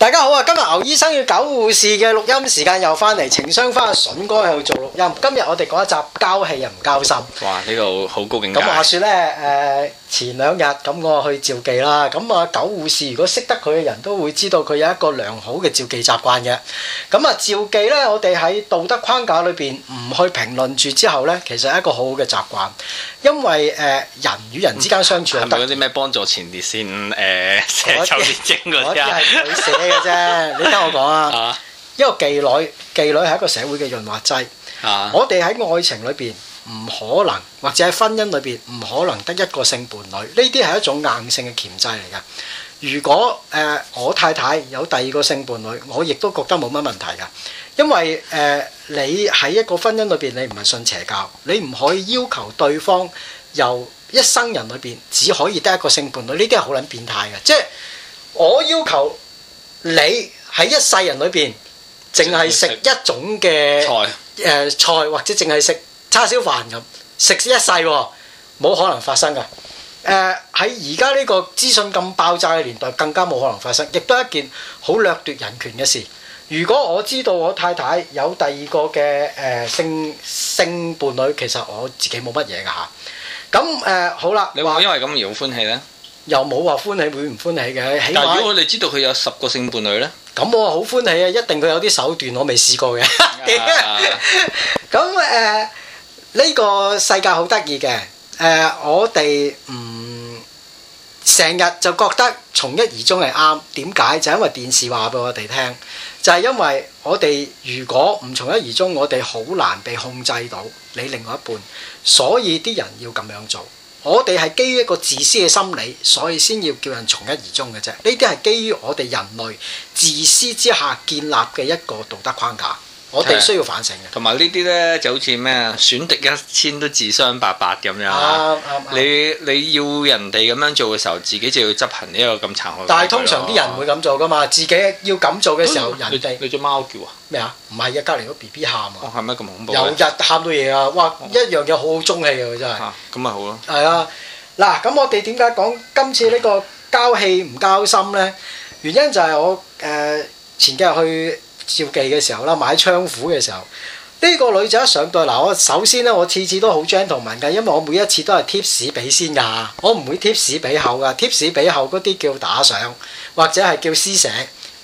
大家好啊！今日牛醫生與狗護士嘅錄音時間又翻嚟，情商阿筍哥又做錄音。今日我哋講一集交戲又唔交心。哇！呢度好高境界。咁我、嗯、話說咧，誒、呃。前兩日咁，我去召妓啦。咁啊，九護士如果識得佢嘅人都會知道佢有一個良好嘅召妓習慣嘅。咁啊，召妓咧，我哋喺道德框架裏邊唔去評論住之後咧，其實係一個好好嘅習慣。因為誒、呃，人與人之間相處、嗯，係咪嗰啲咩幫助前列腺誒成臭味精嗰啲啊？係佢寫嘅啫，你聽我講啊。因為妓女，妓女係一個社會嘅潤滑劑。啊、我哋喺愛情裏邊，唔可能，或者喺婚姻裏邊唔可能得一個性伴侶，呢啲係一種硬性嘅鉗制嚟嘅。如果誒、呃、我太太有第二個性伴侶，我亦都覺得冇乜問題嘅，因為，誒、呃，你喺一個婚姻裏邊，你唔係信邪教，你唔可以要求對方由一生人裏邊只可以得一個性伴侶，呢啲係好捻變態嘅。即係我要求你喺一世人裏邊，淨係食一種嘅菜，誒、呃，菜，或者淨係食。叉燒飯咁食屎一世喎，冇可能發生噶。誒喺而家呢個資訊咁爆炸嘅年代，更加冇可能發生，亦都係一件好掠奪人權嘅事。如果我知道我太太有第二個嘅誒、呃、性性伴侶，其實我自己冇乜嘢㗎嚇。咁、啊、誒好啦，你話因為咁而好歡喜咧？又冇話歡喜會唔歡喜嘅，但如果我哋知道佢有十個性伴侶咧，咁我好歡喜啊！一定佢有啲手段，我未試過嘅。咁誒、啊。 嗯呃呢個世界好得意嘅，誒、呃，我哋唔成日就覺得從一而終係啱，點解？就因為電視話俾我哋聽，就係、是、因為我哋如果唔從一而終，我哋好難被控制到你另外一半，所以啲人要咁樣做。我哋係基於一個自私嘅心理，所以先要叫人從一而終嘅啫。呢啲係基於我哋人類自私之下建立嘅一個道德框架。我哋需要反省嘅，同埋呢啲咧就好似咩啊，損敵一千都自傷八百咁樣。啱啱、啊啊啊、你你要人哋咁樣做嘅時候，自己就要執行呢個咁殘酷。但係通常啲人唔會咁做噶嘛，自己要咁做嘅時候，人哋、嗯、你隻貓叫啊？咩啊？唔係啊，隔離個 B B 喊啊，喊得咁恐怖。由日喊到夜啊！哇，一樣嘢好好中氣啊！佢真係。嚇！咁咪好咯。係啊，嗱，咁我哋點解講今次呢個交戲唔交心咧？原因就係我誒、呃、前幾日去，照記嘅時候啦，買窗戶嘅時候，呢、這個女仔一上台嗱，我首先咧，我次次都好 gentleman 嘅，因為我每一次都係貼士俾先㗎，我唔會貼士俾後㗎，貼士俾後嗰啲叫打賞或者係叫施捨，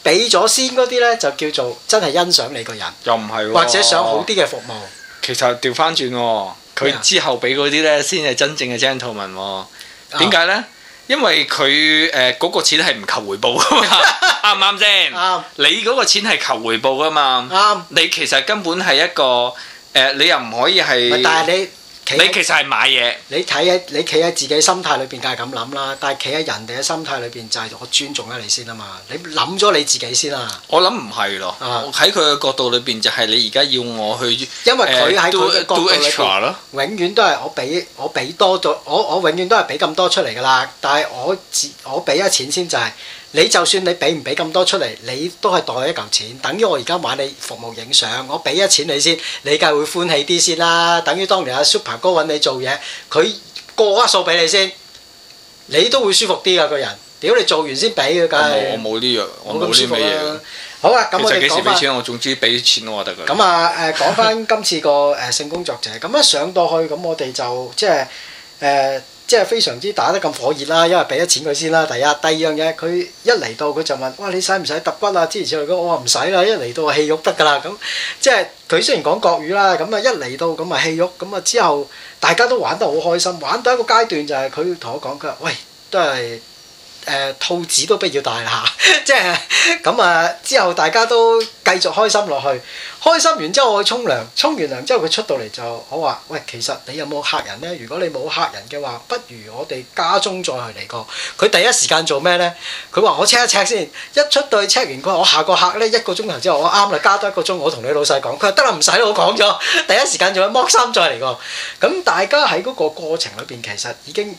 俾咗先嗰啲咧就叫做真係欣賞你個人，又唔係、哦、或者想好啲嘅服務。其實調翻轉喎，佢之後俾嗰啲咧先係真正嘅 gentleman 喎，點解咧？因為佢誒嗰個錢係唔求回報㗎嘛，啱唔啱先？啱， 你嗰個錢係求回報噶嘛，啱。 你其實根本係一個誒、呃，你又唔可以係。你其實係買嘢，你睇下你企喺自己心態裏邊，梗係咁諗啦。但係企喺人哋嘅心態裏邊，就係我尊重咗你先啊嘛。你諗咗你自己先啊。我諗唔係咯，喺佢嘅角度裏邊，就係你而家要我去，因為佢喺佢嘅角度裏邊 do, do 永遠都係我俾我俾多咗，我我，我永遠都係俾咁多出嚟㗎啦。但係我自我俾咗錢先就係、是。你就算你俾唔俾咁多出嚟，你都係代一嚿錢，等於我而家玩你服務影相，我俾一錢你先，你梗係會歡喜啲先啦。等於當年阿 Super 哥揾你做嘢，佢過一數俾你先，你都會舒服啲噶個人。屌你做完先俾嘅，梗係。我冇呢樣，我冇呢樣。好啊，咁我哋講翻。其實幾時俾錢，我總之俾錢我得噶。咁啊，誒講翻今次個誒性工作者，咁一上到去，咁我哋就即係誒。即係非常之打得咁火熱啦，因為俾咗錢佢先啦。第一第二樣一樣嘢，佢一嚟到佢就問：哇，你使唔使揼骨啊？之前似係我話唔使啦，一嚟到戲肉得㗎啦。咁即係佢雖然講國語啦，咁啊一嚟到咁啊戲肉，咁啊之後大家都玩得好開心，玩到一個階段就係佢同我講：佢話喂，都係。誒套子都不要戴下，即係咁啊！之後大家都繼續開心落去，開心完之後我去沖涼，沖完涼之後佢出到嚟就我話：喂，其實你有冇客人呢？如果你冇客人嘅話，不如我哋家中再嚟過。佢第一時間做咩呢？佢話：我 check 一 check 先，一出到去 check 完，佢話：我下個客呢，一個鐘頭之後，我啱啦，加多一個鐘，我同你老細講。佢話：得啦，唔使啦，我講咗，嗯、第一時間做咗剝衫再嚟過。咁大家喺嗰個過程裏邊，其實已經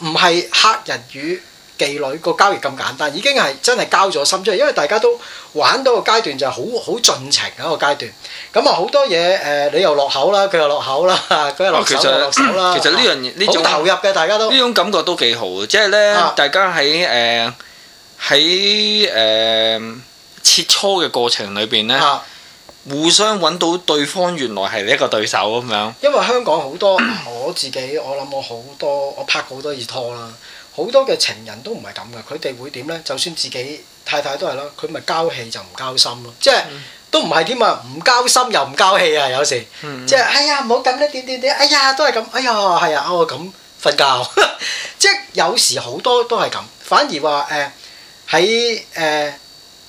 唔係客人與。妓女個交易咁簡單，已經係真係交咗心出嚟，因為大家都玩到個階段就係好好盡情一個階段。咁啊好多嘢誒、呃，你又落口啦，佢又落口啦，佢又落手啦、哦。其實呢樣嘢呢種好投入嘅，大家都呢種感覺都幾好即係咧，啊、大家喺誒喺誒切磋嘅過程裏邊咧，啊、互相揾到對方原來係你一個對手咁樣。因為香港好多， 我自己我諗我好多，我拍好多次拖啦。好多嘅情人都唔係咁嘅，佢哋會點呢？就算自己太太都係囉，佢咪交氣就唔交心咯，即係、嗯、都唔係添啊！唔交心又唔交氣啊！有時嗯嗯即係哎呀，唔好咁啦，點點點，哎呀都係咁、哎，哎呀係啊、哦，我咁瞓覺， 即係有時好多都係咁。反而話喺誒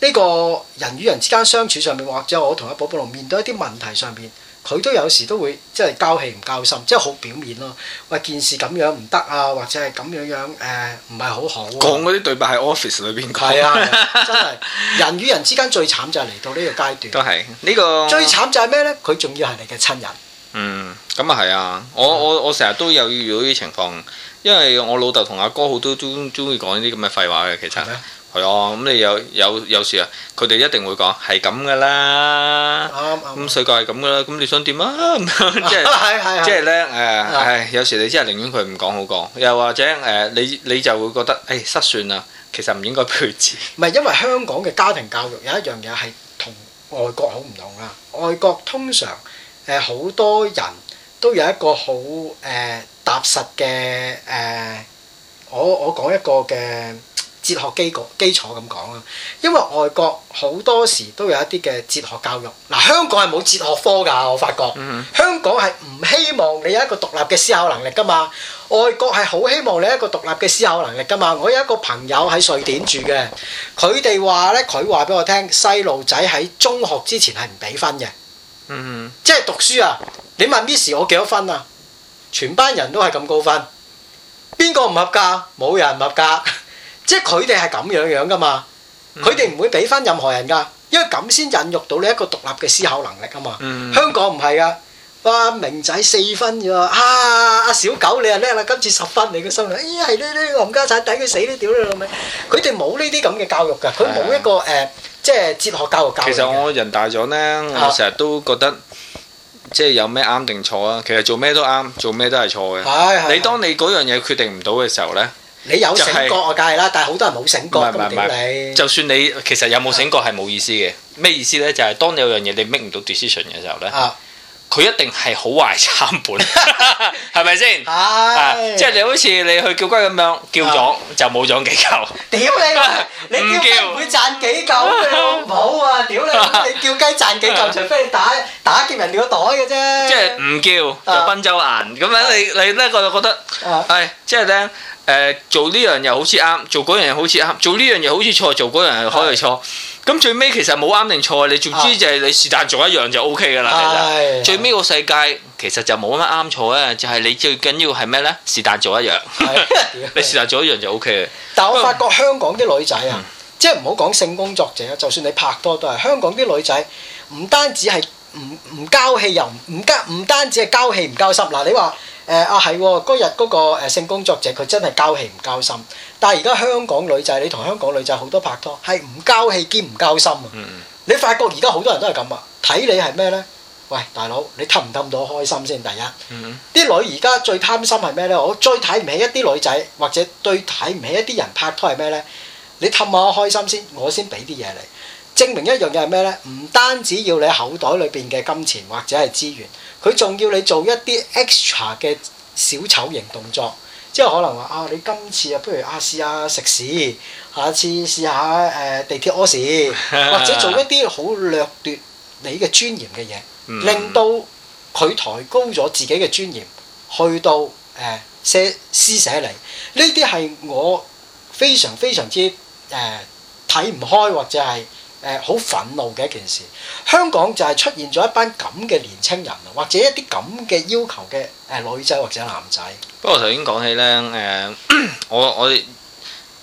呢個人與人之間相處上面，或者我同阿寶寶龍面對一啲問題上面。佢都有時都會即係交戲唔交心，即係好表面咯。喂，件事咁樣唔得啊，或者係咁樣樣誒，唔、呃、係好好啊。講嗰啲對白喺 office 裏邊講，係啊，啊 真係人與人之間最慘就係嚟到呢個階段。都係呢、呢個最慘就係咩呢？佢仲要係你嘅親人。嗯，咁啊係啊！我我我成日都有遇到啲情況，因為我老豆同阿哥好多都中意講呢啲咁嘅廢話嘅，其實。係啊，咁你有有有時啊，佢哋一定會講係咁噶啦，咁世界係咁噶啦，咁你想點啊？即係係係，即係咧誒，有時你真係寧願佢唔講好講，又或者誒你你就會覺得誒失算啦，其實唔應該配置。唔係因為香港嘅家庭教育有一樣嘢係同外國好唔同啊，外國通常誒好多人都有一個好誒踏實嘅誒，我我講一個嘅。哲學基國基礎咁講啊，因為外國好多時都有一啲嘅哲學教育。嗱，香港係冇哲學科㗎，我發覺。Mm hmm. 香港係唔希望你有一個獨立嘅思考能力㗎嘛。外國係好希望你有一個獨立嘅思考能力㗎嘛。我有一個朋友喺瑞典住嘅，佢哋話咧，佢話俾我聽，細路仔喺中學之前係唔俾分嘅。嗯、mm，hmm. 即係讀書啊！你問 Miss 我幾多分啊？全班人都係咁高分，邊個唔合格？冇人唔合格。 即係佢哋係咁樣樣噶嘛，佢哋唔會俾翻任何人噶，因為咁先孕育到你一個獨立嘅思考能力啊嘛。香港唔係啊，哇明仔四分啫喎，啊阿小狗你又叻啦，今次十分你嘅心啊，咦係呢呢個冚家鏟，抵佢死啦，屌你老味！佢哋冇呢啲咁嘅教育噶，佢冇一個誒，即係哲學教育教育。其實我人大咗咧，我成日都覺得即係有咩啱定錯啊，其實做咩都啱，做咩都係錯嘅。你當你嗰樣嘢決定唔到嘅時候咧？你有醒覺、就是、我梗係啦，但係好多人冇醒覺咁點你？就算你其實有冇醒覺係冇意思嘅，咩意思咧？就係、是、當有你有樣嘢你 make 唔到 decision 嘅時候咧。啊。佢一定係好壞參半，係咪先？係，即係你好似你去叫雞咁樣，Aí 叫咗就冇咗幾嚿。屌 你，寶寶你叫雞會賺幾嚿咩？唔 好啊！屌你，你叫雞賺幾嚿，除非你打打劫人尿袋嘅啫。即係唔叫就賓周硬咁樣，uh，寶寶你你呢個就覺得係、哎，即係呢，誒做呢樣又好似啱，做嗰樣又好似啱，做呢樣又好似錯，做嗰樣又可以錯。咁最尾其實冇啱定錯，你總之就係你是但做一樣就 O K 噶啦，其實最尾個世界其實就冇乜啱錯咧，就係、是、你最緊要係咩咧？是但 做一樣、OK，你是但做一樣就 O K 嘅。但我發覺香港啲女仔啊，嗯、即係唔好講性工作者，就算你拍拖都係香港啲女仔，唔單止係唔唔交戲又唔唔交唔單止係交戲唔交心。嗱，你話誒、呃、啊係嗰日嗰個性工作者，佢真係交戲唔交心。但係而家香港女仔，你同香港女仔好多拍拖，係唔交氣兼唔交心啊！嗯、你發覺而家好多人都係咁啊！睇你係咩咧？喂，大佬，你氹唔氹到我開心先？第一，啲、嗯、女而家最貪心係咩咧？我最睇唔起一啲女仔，或者對睇唔起一啲人拍拖係咩咧？你氹下我開心先，我先俾啲嘢你。證明一樣嘢係咩咧？唔單止要你口袋裏邊嘅金錢或者係資源，佢仲要你做一啲 extra 嘅小丑型動作。即係可能話啊，你今次啊，不如啊試下食屎，下次試下誒、呃、地鐵屙屎，或者做一啲好掠奪你嘅尊嚴嘅嘢，令到佢抬高咗自己嘅尊嚴，去到誒、呃、寫施捨嚟，呢啲係我非常非常之誒睇唔開或者係。誒好、呃、憤怒嘅一件事，香港就係出現咗一班咁嘅年輕人啊或者一啲咁嘅要求嘅誒女仔或者男仔。不過頭先講起咧，誒、呃呃、我我哋，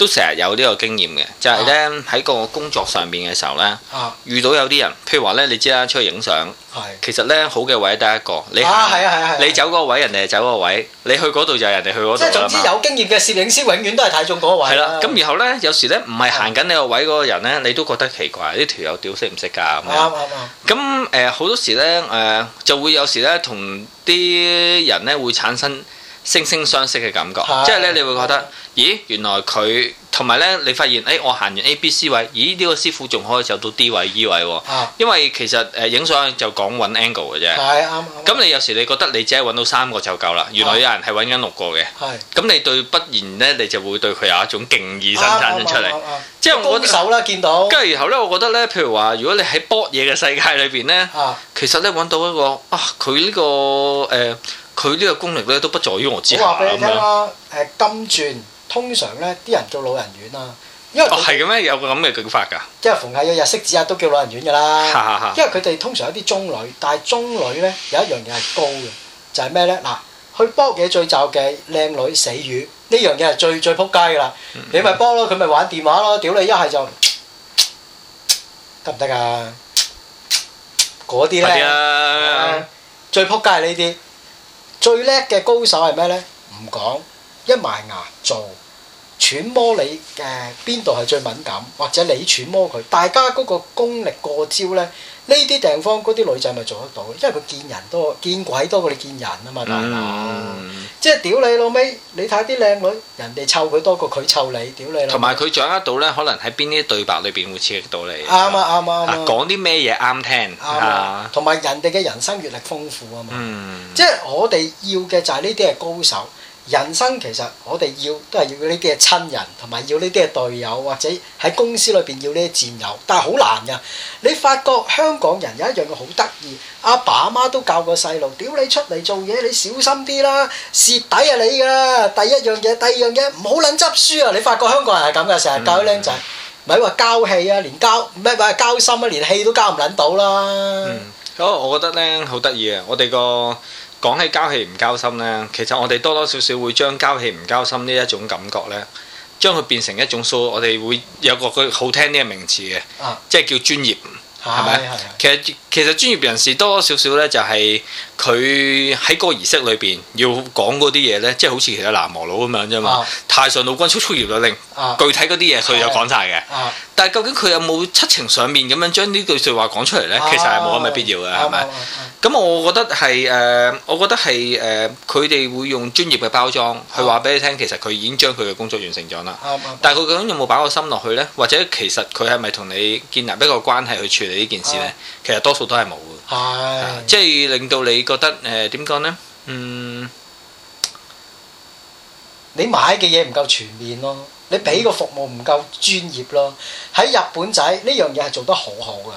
都成日有呢個經驗嘅，就係咧喺個工作上面嘅時候咧，啊、遇到有啲人，譬如話咧，你知啦，出去影相，啊、其實咧好嘅位得一個，你、啊、你走嗰個位，人哋走嗰個位，你去嗰度就係人哋去嗰度。即係總之有經驗嘅攝影師，永遠都係睇中嗰個位。係啦，咁然後咧，有時咧唔係行緊你個位嗰個人咧，你都覺得奇怪，呢條友屌識唔識㗎？啱啱，咁誒好多時咧誒、呃、就會有時咧同啲人咧會產生惺惺相惜嘅感覺，即係咧，你會覺得，咦，原來佢同埋咧，你發現，哎，我行完 A、B、C 位，咦，呢個師傅仲可以走到 D 位、E 位喎，因為其實誒影相就講揾 angle 嘅啫，咁你有時你覺得你只係揾到三個就夠啦，原來有人係揾緊六個嘅，咁你對不然呢，你就會對佢有一種敬意生產出嚟，即係高手啦，見到，跟住然後呢，我覺得呢，譬如話，如果你喺搏嘢嘅世界裏邊呢，其實咧揾到一個啊，佢呢個誒。佢呢個功力咧都不在於我自己。咁我話俾你聽啦，誒金鑽通常咧啲人做老人院啊，因為哦係嘅咩有個咁嘅叫法㗎。因為逢係有日式字啊，都叫老人院㗎啦。因為佢哋通常有啲中女，但係中女咧有一樣嘢係高嘅，就係咩咧？嗱，去波嘅最罩嘅靚女死魚呢樣嘢係最最撲街㗎啦。你咪波咯，佢咪玩電話咯，屌你一係就得唔得啊？嗰啲咧最撲街係呢啲。最叻嘅高手係咩呢？唔講，一埋牙做，揣摩你嘅邊度係最敏感，或者你揣摩佢，大家嗰個功力過招呢。呢啲地方嗰啲女仔咪做得到，因為佢見人多，見鬼多過你見人啊嘛，大佬、嗯嗯。即係屌你老味，你睇啲靚女人哋湊佢多過佢湊你，屌你。同埋佢掌握到咧，可能喺邊啲對白裏邊會刺激到你。啱啊，啱啊。講啲咩嘢啱聽。啱啊。同埋、啊啊啊、人哋嘅人生閲歷豐富啊嘛。嗯。即係我哋要嘅就係呢啲係高手。人生其實我哋要都係要呢啲嘅親人，同埋要呢啲嘅隊友，或者喺公司裏邊要呢啲戰友，但係好難㗎。你發覺香港人有一樣嘢好得意，阿爸阿媽都教過細路，屌你出嚟做嘢，你小心啲啦，蝕底啊你㗎。第一樣嘢，第二樣嘢，唔好撚執輸啊！你發覺香港人係咁㗎，成日教啲靚仔，唔係話交戲啊，連交咩話交心啊，連戲都交唔撚到啦。嗯，好，我覺得咧好得意啊，我哋個。講起交戲唔交心呢，其實我哋多多少少會將交戲唔交心呢一種感覺呢，將佢變成一種數，我哋會有個好聽啲嘅名詞嘅，即係叫專業。係咪啊？其實其實專業人士多多少少咧，就係佢喺個儀式裏邊要講嗰啲嘢咧，即係好似其他喃嘸佬咁樣啫嘛。太上老君速速律令，具體嗰啲嘢佢就講晒嘅。但係究竟佢有冇七情上面咁樣將呢句説話講出嚟咧？其實係冇咁嘅必要嘅，係咪？咁我覺得係誒，我覺得係誒，佢哋會用專業嘅包裝去話俾你聽，其實佢已經將佢嘅工作完成咗啦。但係佢究竟有冇擺個心落去咧？或者其實佢係咪同你建立一個關係去串？呢件事咧，啊、其實多數都係冇嘅，即係令到你覺得誒點講咧？嗯，你買嘅嘢唔夠全面咯，你俾個服務唔夠專業咯。喺、嗯、日本仔呢樣嘢係做得好好嘅。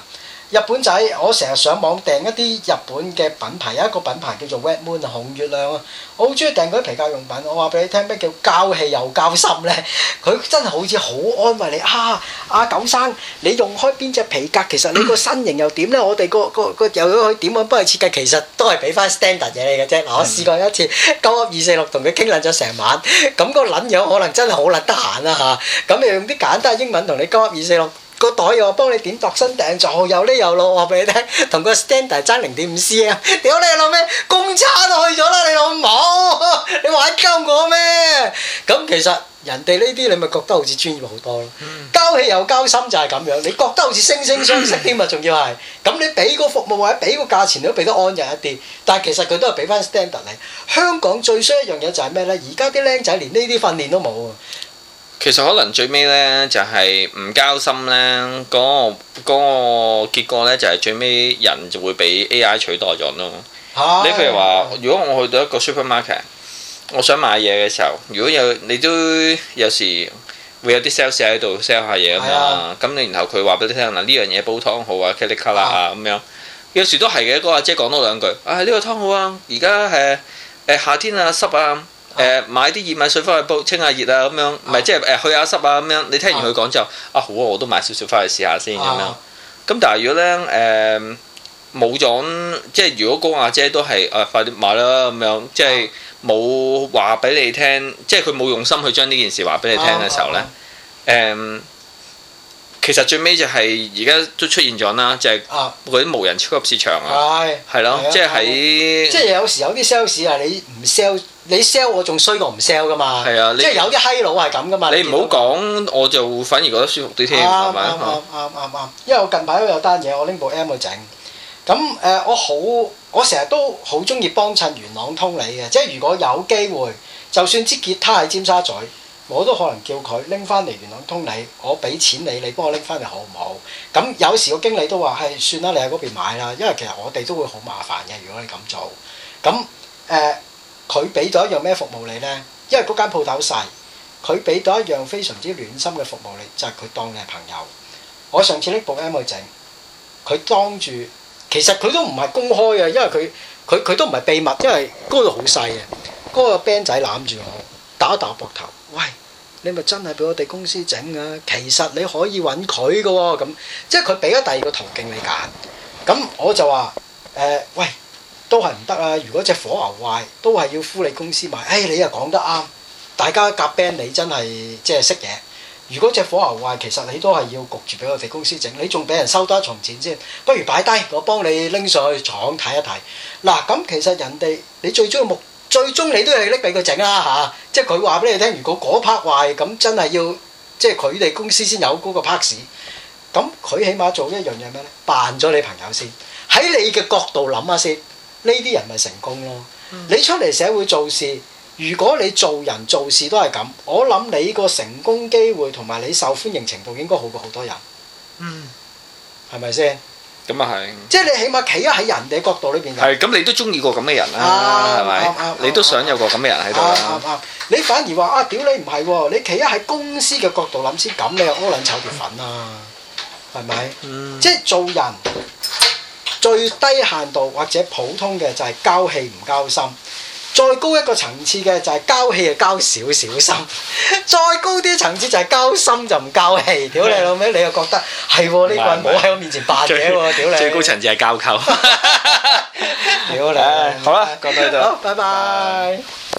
日本仔，我成日上網訂一啲日本嘅品牌，有一個品牌叫做 Red Moon 紅月亮啊，我好中意訂嗰啲皮革用品。我話俾你聽咩叫交氣又交心咧？佢真係好似好安慰你啊！阿狗生，你用開邊隻皮革？其實你個身形又點咧？我哋個個個又點樣幫佢設計？其實都係俾翻 standard 嘢嚟嘅啫。嗱，我試過一次，鳩 up 二四六同佢傾論咗成晚，咁個撚樣可能真係好撚得閒啦嚇。咁你用啲簡單英文同你鳩 up 二四六。個袋又幫你點度身訂做，又呢又落我俾你聽，同個 standard 爭零點五 cm 啊，屌你老味，公差都去咗啦你老母，你玩鳩我咩？咁其實人哋呢啲你咪覺得好似專業好多咯，交戲又交心就係咁樣，你覺得好似惺惺相惜添啊，仲要係，咁你俾個服務或者俾個價錢你都俾得安逸一啲，但係其實佢都係俾翻 standard 嚟。香港最衰一樣嘢就係咩呢？而家啲靚仔連呢啲訓練都冇啊！其實可能最尾呢，就係唔交心呢。嗰個嗰個結果呢，就係最尾人就會被 AI 取代咗咯。哎、呀你譬如話，如果我去到一個 supermarket，我想買嘢嘅時候，如果有你都有時會有啲 sales 喺度 sell 下嘢咁樣，咁你、哎、呀然後佢話俾你聽嗱，呢樣嘢煲湯好啊，calicola 啊咁樣，有時都係嘅。嗰個阿姐講多兩句，啊呢個湯好啊，而家誒夏天啊濕啊。誒買啲薏米水翻去煲清下熱啊咁樣，唔係、啊、即係誒去下濕啊咁樣。你聽完佢講之後，啊好啊，我都買少少翻去試下先咁樣。咁但係如果咧誒冇咗，即係如果高亞姐都係誒、哎、快啲買啦咁樣，即係冇話俾你聽，即係佢冇用心去將呢件事話俾你聽嘅時候咧，誒、啊啊啊啊啊啊、其實最尾就係而家都出現咗、就係啊啊啊啊啊、啦，就係嗰啲無人超級市場啊，係係咯，即係喺即係有時有啲 sales 啊，你唔 sell。你 sell 我仲衰過唔 sell 噶嘛？啊、即係有啲閪佬係咁噶嘛？你唔好講，我就反而覺得舒服啲添，啱啱啱啱啱，嗯嗯嗯嗯、因為我近排都有單嘢，我拎部 M 去整。咁誒、呃，我好，我成日都好中意幫襯元朗通理嘅，即係如果有機會，就算支吉他喺尖沙咀，我都可能叫佢拎翻嚟元朗通理，我俾錢你，你幫我拎翻嚟好唔好？咁有時個經理都話，係算啦，你喺嗰邊買啦。因為其實我哋都會好麻煩嘅，如果你咁做，咁誒。呃佢俾咗一樣咩服務你呢？因為嗰間鋪頭細，佢俾咗一樣非常之暖心嘅服務你，就係、是、佢當你係朋友。我上次拎部 M 去整，佢當住，其實佢都唔係公開嘅，因為佢佢佢都唔係秘密，因為嗰度好細嘅。嗰、那個 band 仔攬住我，打一打膊頭，喂，你咪真係俾我哋公司整嘅、啊？其實你可以揾佢嘅喎，咁即係佢俾咗第二個途徑你揀。咁我就話、呃、喂。都係唔得啊！如果隻火牛壞，都係要呼你公司買。唉、哎，你又講得啱，大家夾 band，你真係即係識嘢。如果隻火牛壞，其實你都係要焗住俾佢哋公司整，你仲俾人收多一層錢先。不如擺低，我幫你拎上去廠睇一睇。嗱，咁其實人哋你最終嘅目，最終你都係拎俾佢整啦吓，即係佢話俾你聽，如果嗰 part 壞，咁真係要即係佢哋公司先有嗰個 part 時。咁佢起碼做一樣嘢咩咧？扮咗你朋友先，喺你嘅角度諗下先。呢啲人咪成功咯！你出嚟社會做事，如果你做人做事都係咁，我諗你個成功機會同埋你受歡迎程度應該好過好多人。嗯，係咪先？咁啊係。即係你起碼企喺人哋角度裏邊。係，咁你都中意過咁嘅人啦，係咪？你都想有個咁嘅人喺度。你反而話啊，屌你唔係喎！你企喺公司嘅角度諗先，咁你又屙撚炒條粉啊？係咪？即係做人。最低限度或者普通嘅就係、是、交氣唔交心，就是、交氣交小小心，再高一個層次嘅就係交氣就交少少心，再高啲層次就係交心就唔交氣。屌 你老味，你又覺得係呢個人冇喺我面前扮嘢喎！屌你，最最高層次係交溝。屌你，好啦，講到呢度，好，拜拜。